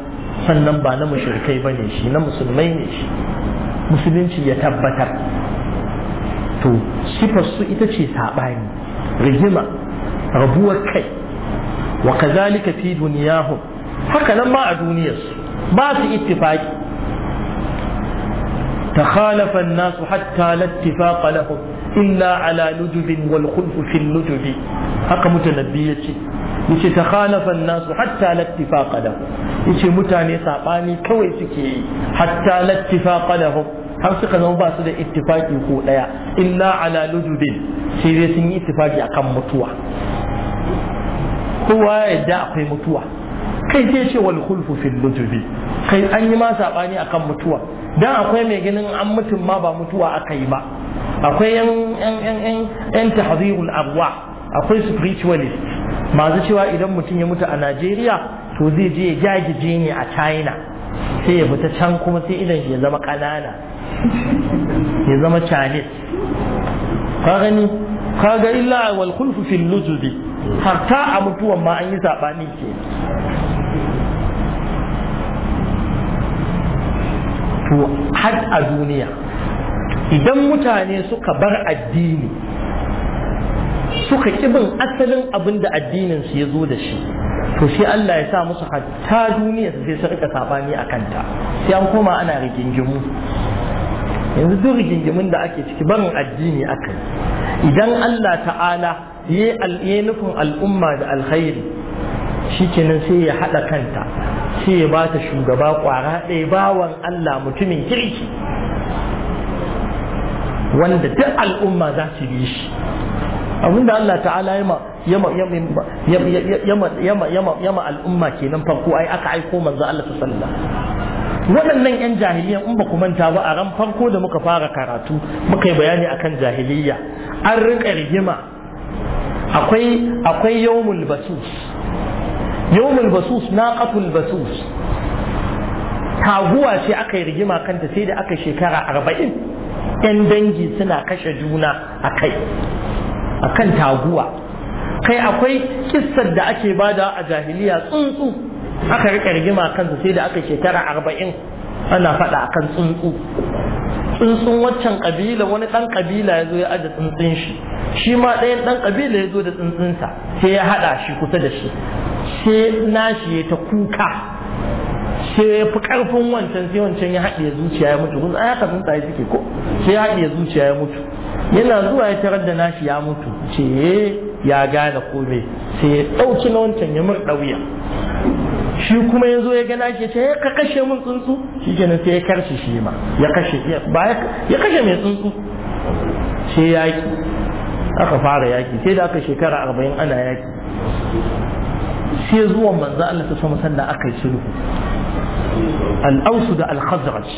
Speaker 1: sannan ba na mushrikai ne shi na musulmai ne shi musulunci ya tabbatar to sifar su ita ce saɓani rigima rabuwar kai wa kazalika fi duniyahum haka nan ma a duniyarsu ba su ittifaki تخالف الناس حتى لا اتفاق لهم إلا على نجب والخلف في النجب haka mutanabbi ya ce yace ta khalafan nasu hatta lattifaqa da yace mutane saɓani kawai suke yi hatta lattifaqa da har suka zama ba su da ittifaki ko daya illa ala lujubin sai dai sun yi ittifaki akan mutuwa kowa ya akwai mutuwa kai sai ce wal khulfu fil lutfi kai an yi ma sabani akan mutuwa dan akwai mai ganin an mutum ma ba mutuwa aka yi ba akwai yan yan yan yan yan tahzirul arwa akwai spiritualist masu cewa idan mutum ya mutu a Najeriya to zai je ya jagije ne a China sai ya fita can kuma sai idan ya zama kanana ya zama Chinese ka gani ka ga illa wal khulfu fil lujubi a mutuwan ma an yi sabani ke to had a duniya idan mutane suka bar addini suka kibin asalin abin da addininsu ya zo da shi to sai Allah ya sa musu hatta duniya su sai rika sabani a kanta sai an koma ana rigingimu yanzu duk rigingimin da ake ciki barin addini akai idan Allah ta'ala ya nufin al'umma da alkhairi kenan sai ya haɗa kanta sai ya bata shugaba kwara ɗaya bawan Allah mutumin kirki wanda duk al'umma za su bi shi abinda Allah ta'ala ma al'umma kenan farko ai aka aiko manzo Allah ta salla waɗannan 'yan jahiliya in ba ku manta ba a ran farko da muka fara karatu muka yi bayani akan jahiliya an rika rigima akwai akwai yawmul basus yawmul basus kafin basus taguwa ce aka yi rigima kanta sai da aka shekara arba'in yan dangi suna kashe juna a kai a kan taguwa kai akwai kissar da ake bada a jahiliya tsuntsu aka rike rigima kansa sai da aka shekara arba'in ana faɗa a kan tsuntsu tsuntsun waccan ƙabila wani ɗan ƙabila ya zo ya aje tsuntsun shi shi ma ɗayan ɗan ƙabila ya zo da tsuntsunsa sai ya haɗa shi kusa da shi sai nashi ya ta kuka sai ya fi karfin wancan sai wancan ya haɗe zuciya ya mutu kun aka sun tsaye suke ko sai ya haɗe zuciya ya mutu yana zuwa ya tarar da nashi ya mutu ce eh, ya gane kome sai ya ɗauki na wancan ya mur ɗauya shi kuma ya zo ya gana ya ce ya eh, ka kashe mun tsuntsu shi kenan sai ya karshe shi ma ya kashe ya kashe mai tsuntsu sai yaki aka fara yaki sai da aka shekara arba'in ana yaki sai zuwan manzo Allah ta sama sannan aka yi sulhu al-ausu da al-khazraj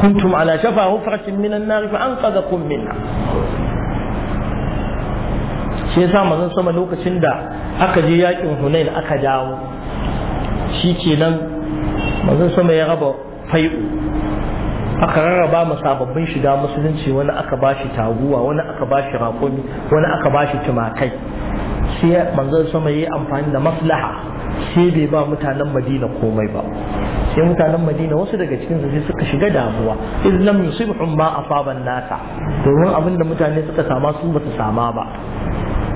Speaker 1: kuntum ala shafa hufratin minan nar fa kun minna, shi yasa manzon sama lokacin da aka je yakin Hunain aka dawo shi nan maza sama ya raba fai'u aka rarraba mu sababbin shiga musulunci wani aka bashi taguwa wani aka bashi rakumi wani aka bashi tumakai sai manzon sama yayi amfani da maslaha sai bai ba mutanen Madina komai ba sai mutanen Madina wasu daga cikin su sai suka shiga damuwa iz lam yusibhum ma asaban nasa domin abin da mutane suka sama su ba su sama ba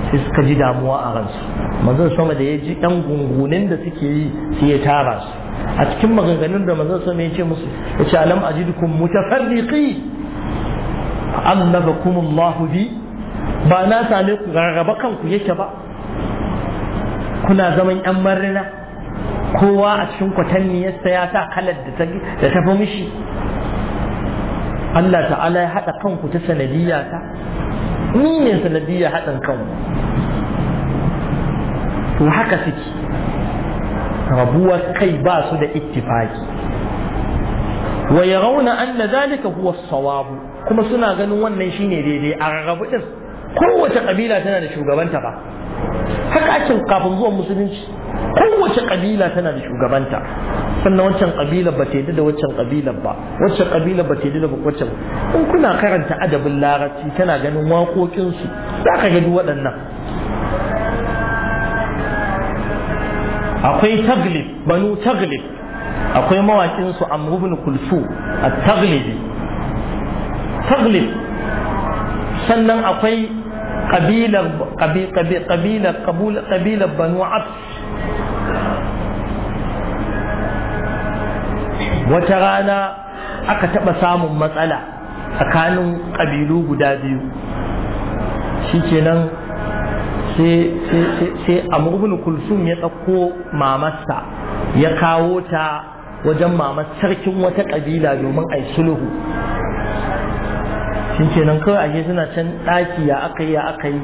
Speaker 1: sai suka ji damuwa a ransu manzon sama da ya ji dan gungunin da suke yi sai ya tara su a cikin maganganun da manzon sa ya ce musu ya ce alam ajidukum mutafarriqi annabakum Allah bi ba na same ku rarraba kanku yake ba kuna zaman yan marina kowa a cikin kwatanni ya ya sa kalar da ta tafi mishi Allah ta'ala ya haɗa kanku ta sanadiyya ta ni ne sanadiyya haɗin kanku to haka suke rabuwar kai ba su da ittifaki wa yarawna anna zalika huwa as-sawab kuma suna ganin wannan shine daidai a rarrabu din kowace kabila tana da shugabanta ba haka ake kafin zuwan musulunci kowace kabila tana da shugabanta sannan waccan kabila ba ta yi da waccan kabila ba waccan kabila ba ta yi da waccan in kuna karanta adabin larabci tana ganin waƙoƙinsu za ka gani waɗannan akwai taglib banu taglib akwai mawaƙinsu a amru kulfu at-taglibi taglib sannan akwai kabilar banu abs wata rana aka taɓa samun matsala tsakanin ƙabilu guda biyu shikenan sai a ibn kulsum ya ɗauko mamasta ya kawo ta wajen mamar sarkin wata ƙabila domin a yi sulhu shi kenan kawai ake suna can ɗaki ya aka yi ya aka yi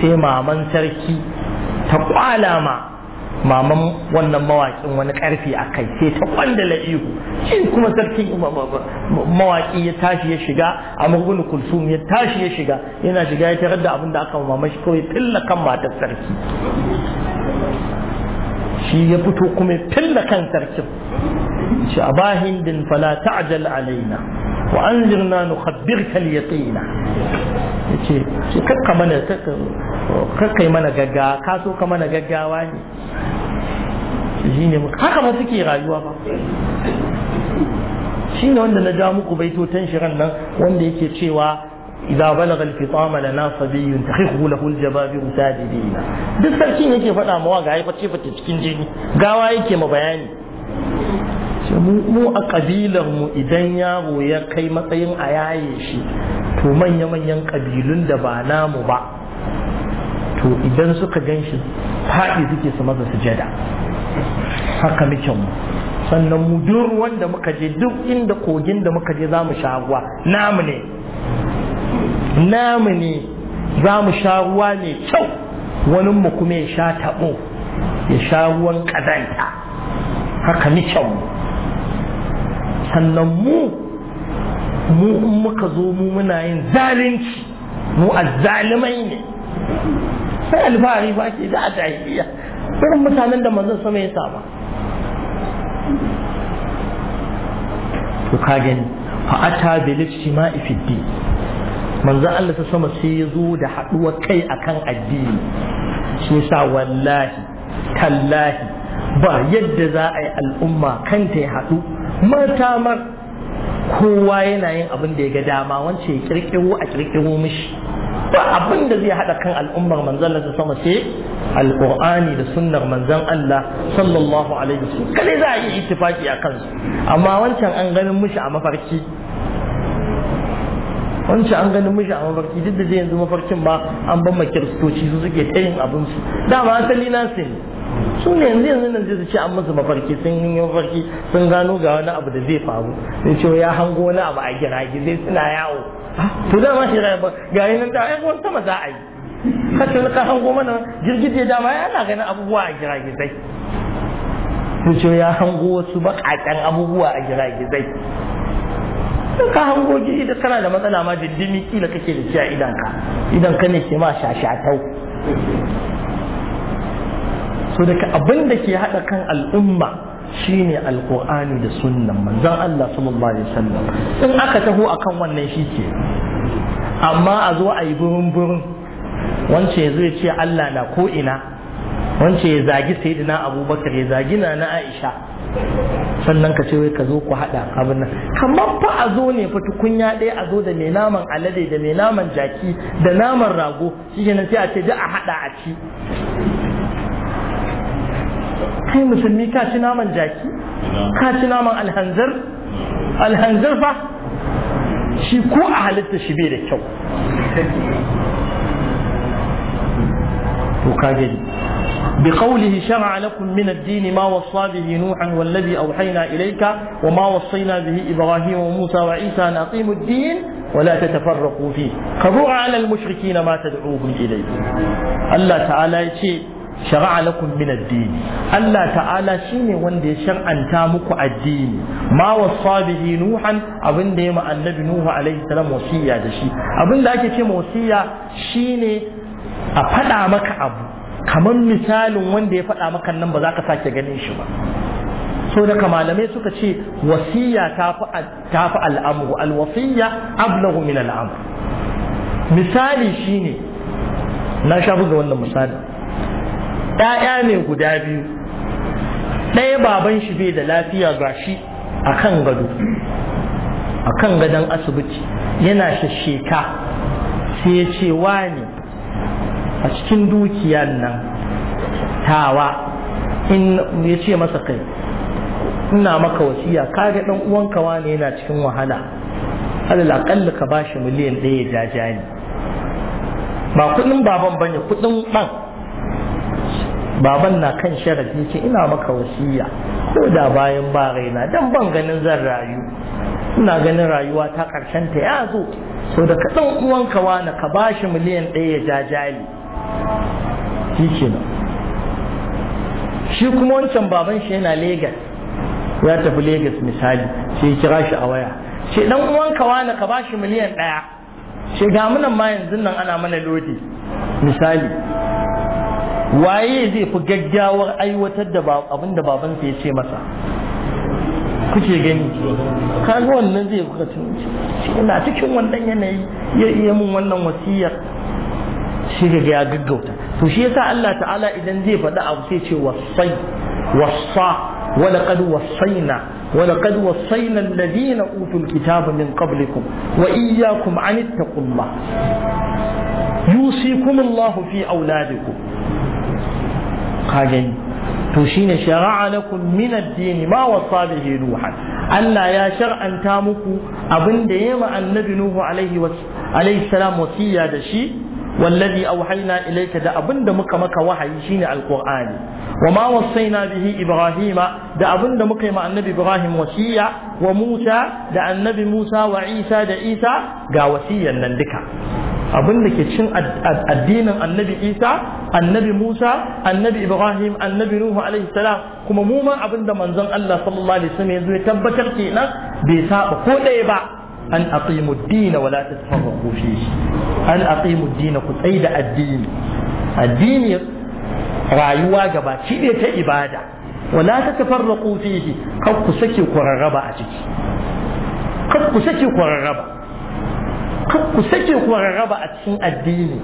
Speaker 1: sai maman sarki ta kwala ma maman wannan mawaƙin wani ƙarfi a kai sai ta kwandala ihu shi kuma sarki mawaƙi ya tashi ya shiga a magudu kulsum ya tashi ya shiga yana shiga ya tarar da abin da aka mama shi kawai filla kan matar sarki shi ya fito kuma filla kan sarkin shi a bahindin fala ta'jal alaina wa anzirna nukhabbirka al yace shi kakka mana kakai mana gaggawa ka so ka mana gaggawa ne shi ne haka ba suke rayuwa ba shi ne wanda na ja muku tan shirin nan wanda yake cewa idza balagha al-fitama lana sabiyyun tahihu lahu al-jababir sajidina duk sarkin yake faɗa mawa ga haifa ce fata cikin jini gawa yake ma bayani mu a kabilar mu idan yaro ya kai matsayin a yaye shi to manya-manyan kabilun da ba namu ba to idan suka gan shi faɗi suke su masa sujada haka muke mu sannan mu duk ruwan da muka je duk inda kogin da muka je za mu sha ruwa namu ne namu ne za mu sha ruwa mai kyau wani mu kuma ya sha taɓo ya sha ruwan ƙazanta haka muke mu sannan mu mu muka zo mu muna yin zalunci mu azzalimai ne sai alfahari ba ke da a jahiliya irin mutanen da manzon sama ya saba to ka gani fa ata bil ijtima'i fi din manzon Allah ta sama sai ya zo da haduwa kai akan addini shi yasa wallahi tallahi ba yadda za a yi al'umma ta ya haɗu mata ma. kowa yana yin abin da ya ga dama wance ya kirkiro a kirkiro mishi ba abin da zai haɗa kan al'ummar manzon Allah sama sai alqur'ani da sunnar manzon Allah sallallahu alaihi wasallam kale za a yi ittifaki a kansu amma wancan an ganin mushi a mafarki wancan an ganin mishi a mafarki duk da zai yanzu mafarkin ba an ban kiristoci su suke ta yin Da dama asali na sai ne su ne yanzu yanzu nan zai ce an masa mafarki sun yi mafarki sun gano ga wani abu da zai faru sun ce ya hango wani abu a gina gizai suna yawo to dama shi ga yi nan da ai ruwan sama za a yi ka hango mana goma nan girgije dama ya ana ganin abubuwa a Su to ya hango wasu baƙaƙen abubuwa a giragizai in ka hango gidi da kana da matsala ma diddimi kila kake da shi a ka. idan ka ne ke ma shashatau so daga abin da ke haɗa kan al'umma shine alqur'ani da sunnan manzon Allah sallallahu alaihi wasallam in aka taho akan wannan shike amma a zo a yi burin burin wance ya zai ce Allah na ko ina wance ya zagi sayyidina Abubakar ya zagi na na Aisha sannan ka ce wai ka zo ku haɗa abin nan kamar fa a zo ne fa tukunya ɗaya a zo da mai naman alade da mai naman jaki da naman rago shi ne sai a ce da a haɗa a ci kai musulmi ka ci naman jaki ka ci naman alhanzar alhanzar fa shi ko a halitta shi bai da kyau to ka gani بقوله شرع لكم من الدين ما وصى به نوحا والذي أوحينا إليك وما وصينا به إبراهيم وموسى وعيسى أن أقيموا الدين ولا تتفرقوا فيه كبر على المشركين ما تدعوهم إليه الله تعالى يشيء shara'a lakum min ad-din Allah ta'ala shine wanda ya shar'anta muku addini ma wasa bihi nuhan abinda ya ma annabi nuhu alaihi salam wasiya da shi abinda ake ce wasiya shine a faɗa maka abu kamar misalin wanda ya faɗa maka nan ba za ka sake ganin shi ba so daga malamai suka ce wasiya ta fi al'amuru al-wasiya ablagu min al'amur, misali shine na sha buga wannan misali Ya'ya ne guda biyu ɗaya baban shi bai da lafiya ga shi a kan gado a kan gadon asibiti yana shasheka sai ya ce wani a cikin dukiyar nan tawa in ya ce masa kai ina maka wasiya ka ɗan uwanka wani yana cikin wahala alal aƙalla ka bashi miliyan ɗaya jaja ni. ba kuɗin baban bane kuɗin ɗan baban na kan sharafi ce ina maka wasiya ko da bayan ba raina dan ban ganin zan rayu ina ganin rayuwa ta karshen ta ya zo so da ka dan uwanka wani ka bashi miliyan ɗaya ya jajali shi kenan shi kuma wancan baban shi yana Legas ya tafi Legas misali sai kira shi a waya ce dan uwanka wani ka bashi miliyan ɗaya Shiga ga munan ma yanzu nan ana mana lodi misali waye zai fi gaggawar aiwatar da abin da babansa ya ce masa kuke gani kaga wannan zai fi tun ina cikin wannan yanayi ya iya mun wannan wasiyar shi ga ya gaggauta to shi yasa Allah ta'ala idan zai faɗi abu sai ce wasai wasa ولقد وصينا ولقد وصينا الذين أوتوا الكتاب من قبلكم وإياكم أن اتقوا الله يوصيكم الله في أولادكم ka gani to shine shari'a na min ad-din ma wasa bihi nuhan Allah ya shar'anta muku abinda yayi ma annabi nuhu alaihi wasiyya alaihi salam wasiya da shi wallazi auhaina ilaika da abinda muka maka wahayi shine alqur'ani wa ma wasaina bihi ibrahima da abinda muka yi ma annabi ibrahim wasiya wa musa da annabi musa wa isa da isa ga wasiyan nan duka abin da ke cin addinin annabi isa annabi musa annabi ibrahim annabi nuhu alaihi salam kuma mu ma abin da manzon allah sallallahu alaihi wasallam yanzu ya tabbatar kenan bai saba ko ɗaya ba an aqimu dina wala wa la tatafarraqu fihi an aqimu dina din ku tsaida addini addini rayuwa gaba shi ne ta ibada Wala la tatafarraqu fihi kar ku sake ku rarraba a ciki kar ku sake ku rarraba ku sake ku rarraba a cikin addini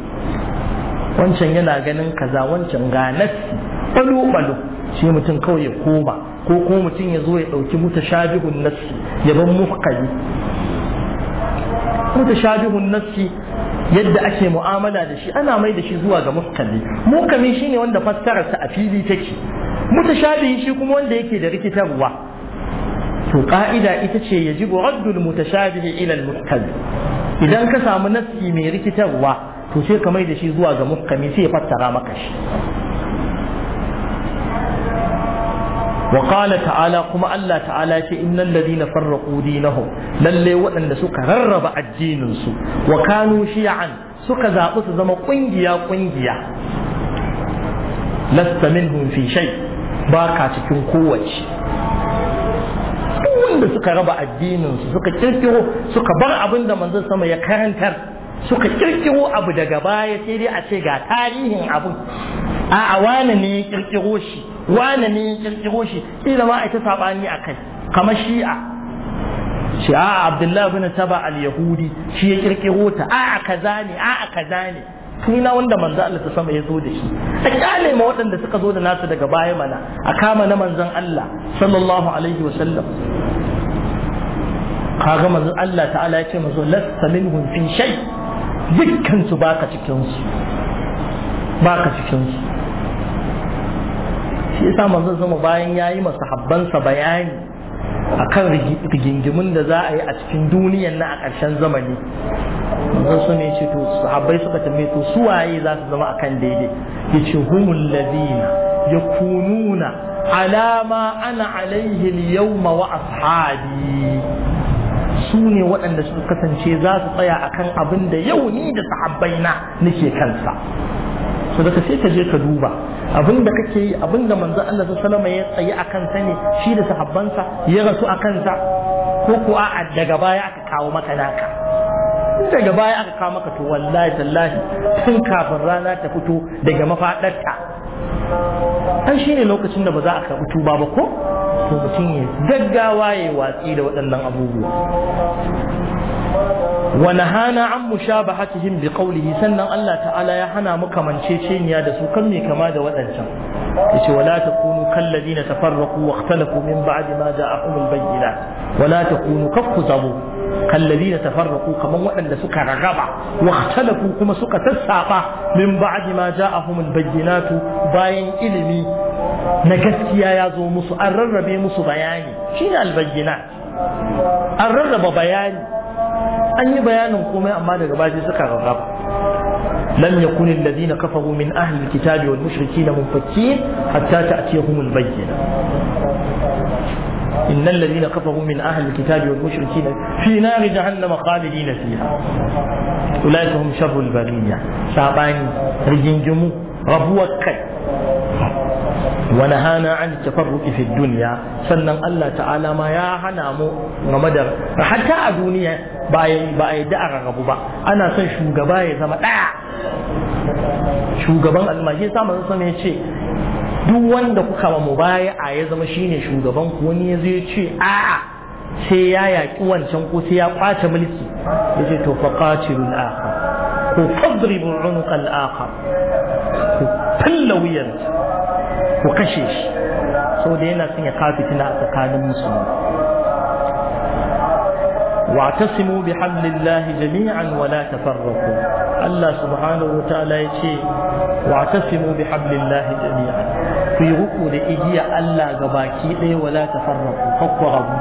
Speaker 1: wancan yana ganin kaza wancan ga nassi balo-balo shi mutum kawai ya koma ko kuma mutum ya zo ya ɗauki mutashabihun nassi ya ban muta mutashabihun nassi yadda ake mu'amala da shi ana mai da shi zuwa ga Mukami shi shine wanda fassararsa a fili take shabihi shi kuma wanda yake da rikitarwa to ka'ida ita ce yajibu raddul mutashabihi ila al-muhkali idan ka samu naski mai rikitarwa to sai ka mai da shi zuwa ga muhkami sai ya fassara maka shi wa ta'ala kuma Allah ta'ala ce innal ladina farraqu dinahum lalle waɗanda suka rarraba addinin su wa kanu shi'an suka zaɓi su zama ƙungiya ƙungiya. lasta minhum fi ba ka cikin kowace wanda suka raba addinin su suka kirkiro suka bar abin da manzon sama ya karantar suka kirkiro abu daga baya sai dai a ce ga tarihin abin a wane ne ya kirkiro shi wane ne ya kirkiro shi sai ila ma ita sabani akai kamar shi'a shi a abdullahi bin saba al-yahudi shi ya kirkiro ta a kaza ne a kaza ne suna wanda manzon Allah ta sama ya zo da shi a kyale ma waɗanda suka zo da nasu daga baya mana a kama na manzon Allah sallallahu alaihi wa sallam. kaga manzo Allah ta'ala ya ce manzo lasta minhum fi shay dukkan su baka cikin su baka cikin su shi yasa manzo sama bayan yayi masahabbansa bayani akan rigingimin da za a yi a cikin duniyan na a ƙarshen zamani manzo su ne ce to sahabbai suka tambaye to su waye za su zama akan daidai yace humul ladina yakununa على ما أنا عليه wa وأصحابي su ne waɗanda suka kasance za su tsaya a kan abin da yau ni da sahabbai na nake kansa so daga sai ka je ka duba abin da kake yi abin da manzo Allah sallallahu alaihi ya tsaye a sa ne shi da sahabbansa ya rasu a sa ko ko a daga baya aka kawo maka naka daga baya aka kawo maka to wallahi tallahi tun kafin rana ta fito daga mafadarta an shine lokacin da ba za a karɓi tuba ba ko to mutum ya gaggawa ya watsi da waɗannan abubuwa wani hana an mushabahatihim bi qawlihi sannan Allah ta'ala ya hana mu kamanceceniya da su kan me kama da waɗancan yace wala takunu kal ladina tafarraqu wa ikhtalafu min ba'di ma a al bayyinat wala takunu kafkuzabu kal ladina tafarraqu kaman waɗanda suka rarraba wa ikhtalafu kuma suka sassaɓa min ba'di ma a al bayyinat bayan ilimi na يا ya zo أرر an rarrabe musu bayani shi ne albayyana an rarraba bayani an yi bayanin komai لم يكن الذين كفروا من أهل الكتاب والمشركين منفكين حتى تأتيهم البينة إن الذين كفروا من أهل الكتاب والمشركين في نار جهنم خالدين فيها أولئك هم شر البرية شعبان رجين جمو ربوة كي wani hana an tafarruki fi duniya sannan Allah ta'ala ma ya hana mu game da hatta a duniya ba a yi da'a rarrabu ba ana son shugaba ya zama ɗaya shugaban almashi sa manzo sama ya ce duk wanda kuka baya a ya zama shine shugaban ku wani ya zai ce a'a sai ya yaƙi wancan ko sai ya kwace mulki ya ce to faqatilul akhar ko fadribu unuqal akhar ko falla ku kashe shi sau da yana sun ya kafi tuna a tsakanin musulmi wa ta simo bi hannun jami'an wala ta farraku Allah subhanahu wa ta'ala ya ce wa ta simo bi hannun jami'an ku yi ruku da igiya Allah ga baki ɗaya wala ta farraku kakwa rabu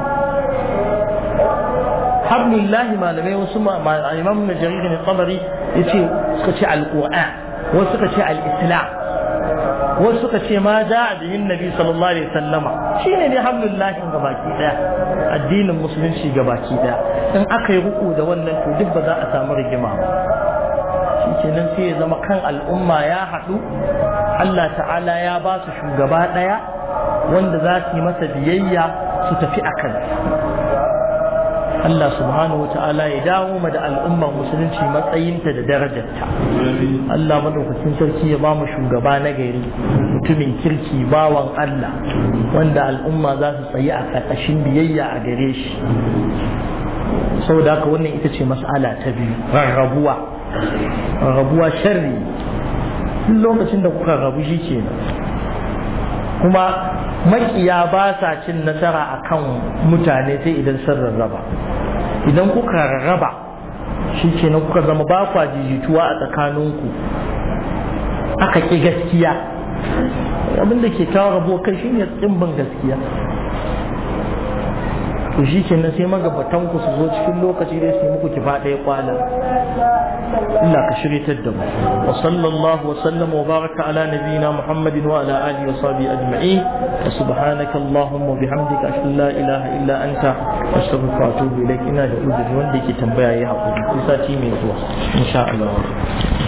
Speaker 1: hannun malamai wasu ma'amman na jari ne tsabari wasu suka ce wasu suka ce ma ja'a bihin nabi sallallahu alaihi shine ne hamdulillahi ga baki daya addinin musulunci ga baki daya in aka yi ruku da wannan to duk ba za a samu rigima ba nan sai ya zama kan al'umma ya haɗu Allah ta'ala ya ba su shugaba daya wanda za su yi masa biyayya su tafi akan Allah subhanahu wata'ala ya dawo mu da al'ummar musulunci matsayinta da darajarta Allah madaukakin sarki ya ba mu shugaba na gari mutumin kirki bawan Allah wanda al'umma za su tsayi a ƙarƙashin biyayya a gare shi saboda haka wannan ita ce mas'ala ta biyu rarrabuwa rarrabuwa sharri lokacin da kuka rabu shi kenan kuma makiya ba sa cin nasara a kan mutane sai idan sun rarraba idan kuka rarraba shi ke na kuka zama ba kwa jijituwa a tsakaninku aka ƙi gaskiya abinda ke kawo rabuwa kai shi ne tsimbin gaskiya to shi kenan sai magabatan ku su zo cikin lokaci da su muku kifa ɗaya kwanan illa ka shirya da mu wa sallallahu wa sallama wa baraka ala nabiyina muhammadin wa ala alihi wa sahbihi ajma'in wa subhanaka allahumma bihamdika ashhadu la ilaha illa anta astaghfiruka wa atubu ilaik ina da uzuri wanda yake tambaya ya hakuri sati mai zuwa insha Allah